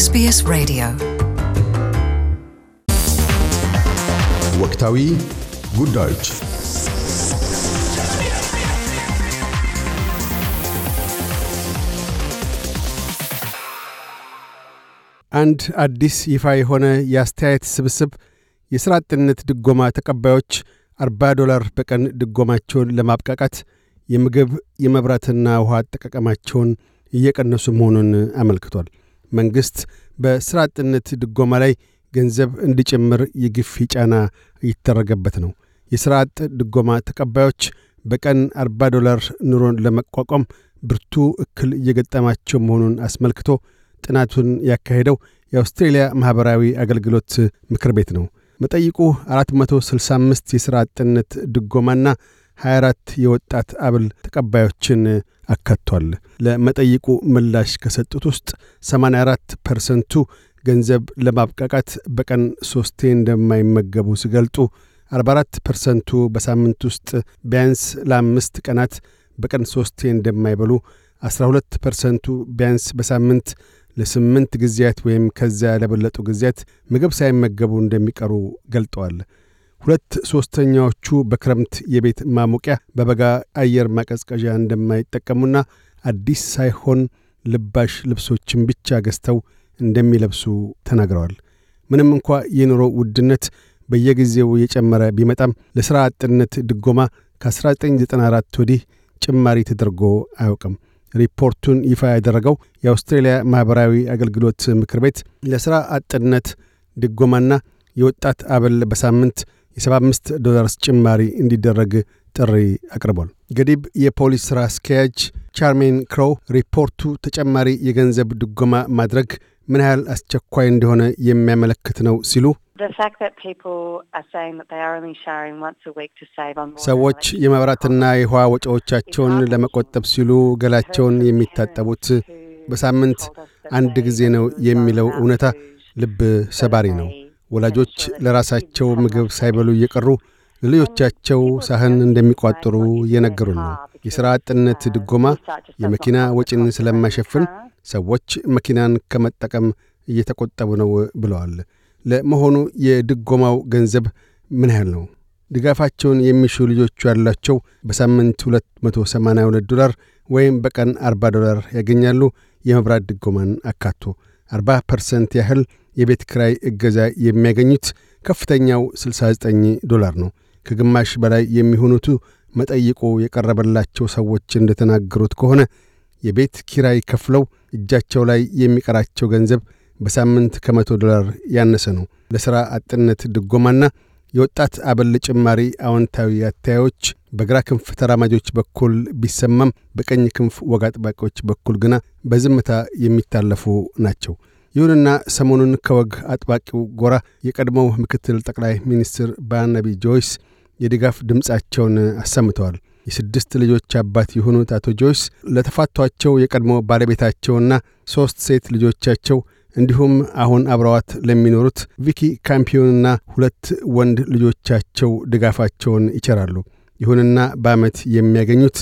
ኤስቢኤስ ሬዲዮ ወቅታዊ ጉዳዮች አንድ አዲስ ይፋ የሆነ የአስተያየት ስብስብ የሥራ አጥነት ድጎማ ተቀባዮች 40 ዶላር በቀን ድጎማቸውን ለማብቃቃት የምግብ የመብራትና ውሃ አጠቃቀማቸውን እየቀነሱ መሆኑን አመልክቷል። መንግሥት በሥራ አጥነት ድጎማ ላይ ገንዘብ እንዲጨምር የግፊ ጫና እየተደረገበት ነው። የሥራ አጥ ድጎማ ተቀባዮች በቀን 40 ዶላር ኑሮን ለመቋቋም ብርቱ እክል እየገጠማቸው መሆኑን አስመልክቶ ጥናቱን ያካሄደው የአውስትሬልያ ማኅበራዊ አገልግሎት ምክር ቤት ነው። መጠይቁ 465 የሥራ አጥነት ድጎማና 24 የወጣት አብል ተቀባዮችን አካቷል። ለመጠይቁ ምላሽ ከሰጡት ውስጥ 84 ፐርሰንቱ ገንዘብ ለማብቃቃት በቀን ሶስቴ እንደማይመገቡ ሲገልጡ 44 ፐርሰንቱ በሳምንት ውስጥ ቢያንስ ለአምስት ቀናት በቀን ሶስቴ እንደማይበሉ 12 ፐርሰንቱ ቢያንስ በሳምንት ለስምንት ጊዜያት ወይም ከዚያ ለበለጡ ጊዜያት ምግብ ሳይመገቡ እንደሚቀሩ ገልጠዋል። ሁለት ሦስተኛዎቹ በክረምት የቤት ማሞቂያ በበጋ አየር ማቀዝቀዣ እንደማይጠቀሙና አዲስ ሳይሆን ልባሽ ልብሶችን ብቻ ገዝተው እንደሚለብሱ ተናግረዋል። ምንም እንኳ የኑሮ ውድነት በየጊዜው የጨመረ ቢመጣም ለሥራ አጥነት ድጎማ ከ1994 ወዲህ ጭማሪ ተደርጎ አያውቅም። ሪፖርቱን ይፋ ያደረገው የአውስትሬልያ ማኅበራዊ አገልግሎት ምክር ቤት ለሥራ አጥነት ድጎማና የወጣት አበል በሳምንት የ75 ዶላርስ ጭማሪ እንዲደረግ ጥሪ አቅርቧል። ገዲብ የፖሊስ ሥራ አስኪያጅ ቻርሜን ክሮው ሪፖርቱ ተጨማሪ የገንዘብ ድጎማ ማድረግ ምን ያህል አስቸኳይ እንደሆነ የሚያመለክት ነው ሲሉ ሰዎች የመብራትና የውሃ ወጪዎቻቸውን ለመቆጠብ ሲሉ ገላቸውን የሚታጠቡት በሳምንት አንድ ጊዜ ነው የሚለው እውነታ ልብ ሰባሪ ነው። ወላጆች ለራሳቸው ምግብ ሳይበሉ እየቀሩ ለልጆቻቸው ሳህን እንደሚቋጥሩ እየነገሩን ነው። የሥራ አጥነት ድጎማ የመኪና ወጪን ስለማይሸፍን ሰዎች መኪናን ከመጠቀም እየተቆጠቡ ነው ብለዋል። ለመሆኑ የድጎማው ገንዘብ ምን ያህል ነው? ድጋፋቸውን የሚሹ ልጆቹ ያላቸው በሳምንት 282 ዶላር ወይም በቀን 40 ዶላር ያገኛሉ። የመብራት ድጎማን አካቶ 40 ፐርሰንት ያህል የቤት ክራይ እገዛ የሚያገኙት ከፍተኛው 69 ዶላር ነው። ከግማሽ በላይ የሚሆኑቱ መጠይቁ የቀረበላቸው ሰዎች እንደተናገሩት ከሆነ የቤት ኪራይ ከፍለው እጃቸው ላይ የሚቀራቸው ገንዘብ በሳምንት ከመቶ ዶላር ያነሰ ነው። ለሥራ አጥነት ድጎማና የወጣት አበል ጭማሪ አዎንታዊ አታዮች በግራ ክንፍ ተራማጆች በኩል ቢሰማም በቀኝ ክንፍ ወግ አጥባቂዎች በኩል ግና በዝምታ የሚታለፉ ናቸው። ይሁንና ሰሞኑን ከወግ አጥባቂው ጎራ የቀድሞው ምክትል ጠቅላይ ሚኒስትር ባርናቢ ጆይስ የድጋፍ ድምፃቸውን አሰምተዋል። የስድስት ልጆች አባት የሆኑት አቶ ጆይስ ለተፋቷቸው የቀድሞ ባለቤታቸውና ሦስት ሴት ልጆቻቸው እንዲሁም አሁን አብረዋት ለሚኖሩት ቪኪ ካምፒዮንና ሁለት ወንድ ልጆቻቸው ድጋፋቸውን ይቸራሉ። ይሁንና በዓመት የሚያገኙት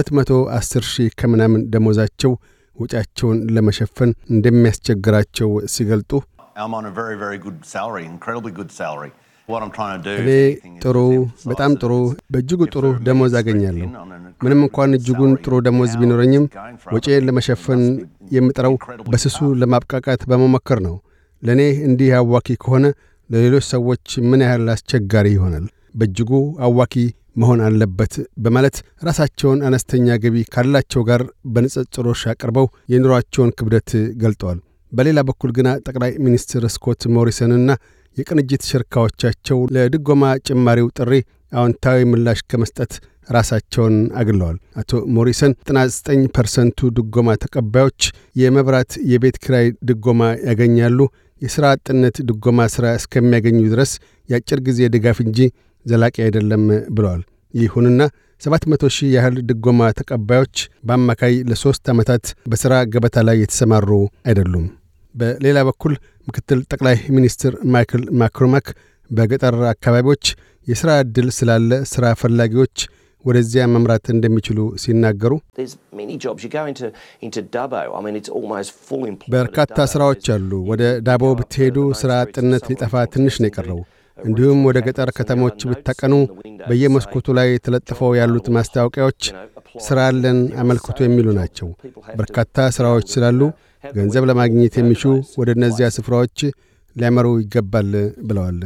210 ሺህ ከምናምን ደሞዛቸው ወጪያቸውን ለመሸፈን እንደሚያስቸግራቸው ሲገልጡ እኔ ጥሩ በጣም ጥሩ በእጅጉ ጥሩ ደሞዝ አገኛለሁ። ምንም እንኳን እጅጉን ጥሩ ደሞዝ ቢኖረኝም ወጪን ለመሸፈን የምጥረው በስሱ ለማብቃቃት በመሞከር ነው። ለእኔ እንዲህ አዋኪ ከሆነ ለሌሎች ሰዎች ምን ያህል አስቸጋሪ ይሆናል? በእጅጉ አዋኪ መሆን አለበት በማለት ራሳቸውን አነስተኛ ገቢ ካላቸው ጋር በንጽጽሮች አቅርበው የኑሯቸውን ክብደት ገልጠዋል። በሌላ በኩል ግና ጠቅላይ ሚኒስትር ስኮት ሞሪሰንና የቅንጅት ሽርካዎቻቸው ለድጎማ ጭማሪው ጥሪ አዎንታዊ ምላሽ ከመስጠት ራሳቸውን አግለዋል። አቶ ሞሪሰን 99 ፐርሰንቱ ድጎማ ተቀባዮች የመብራት፣ የቤት ክራይ ድጎማ ያገኛሉ። የሥራ አጥነት ድጎማ ሥራ እስከሚያገኙ ድረስ የአጭር ጊዜ ድጋፍ እንጂ ዘላቂ አይደለም ብለዋል። ይሁንና 700 ሺህ ያህል ድጎማ ተቀባዮች በአማካይ ለሦስት ዓመታት በሥራ ገበታ ላይ የተሰማሩ አይደሉም። በሌላ በኩል ምክትል ጠቅላይ ሚኒስትር ማይክል ማክሮማክ በገጠር አካባቢዎች የሥራ ዕድል ስላለ ሥራ ፈላጊዎች ወደዚያ መምራት እንደሚችሉ ሲናገሩ በርካታ ሥራዎች አሉ። ወደ ዳቦ ብትሄዱ ሥራ አጥነት ሊጠፋ ትንሽ ነው የቀረው። እንዲሁም ወደ ገጠር ከተሞች ብታቀኑ በየመስኮቱ ላይ ተለጥፈው ያሉት ማስታወቂያዎች ሥራ አለን አመልክቶ የሚሉ ናቸው። በርካታ ሥራዎች ስላሉ ገንዘብ ለማግኘት የሚሹ ወደ እነዚያ ስፍራዎች ሊያመሩ ይገባል ብለዋል።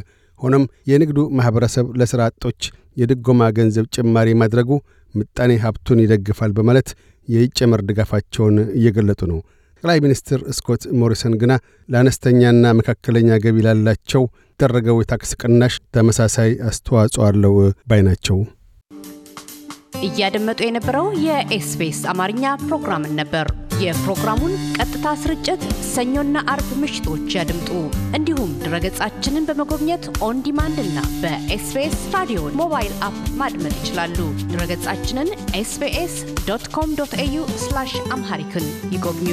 ሆኖም የንግዱ ማኅበረሰብ ለሥራ አጦች የድጎማ ገንዘብ ጭማሪ ማድረጉ ምጣኔ ሀብቱን ይደግፋል በማለት የጭምር ድጋፋቸውን እየገለጡ ነው። ጠቅላይ ሚኒስትር ስኮት ሞሪሰን ግና ለአነስተኛና መካከለኛ ገቢ ላላቸው የሚደረገው የታክስ ቅናሽ ተመሳሳይ አስተዋጽኦ አለው ባይ ናቸው። እያደመጡ የነበረው የኤስቢኤስ አማርኛ ፕሮግራምን ነበር። የፕሮግራሙን ቀጥታ ስርጭት ሰኞና አርብ ምሽቶች ያድምጡ። እንዲሁም ድረገጻችንን በመጎብኘት ኦን ዲማንድ እና በኤስቢኤስ ራዲዮ ሞባይል አፕ ማድመጥ ይችላሉ። ድረገጻችንን ኤስቢኤስ ዶት ኮም ዶት ኤዩ አምሃሪክን ይጎብኙ።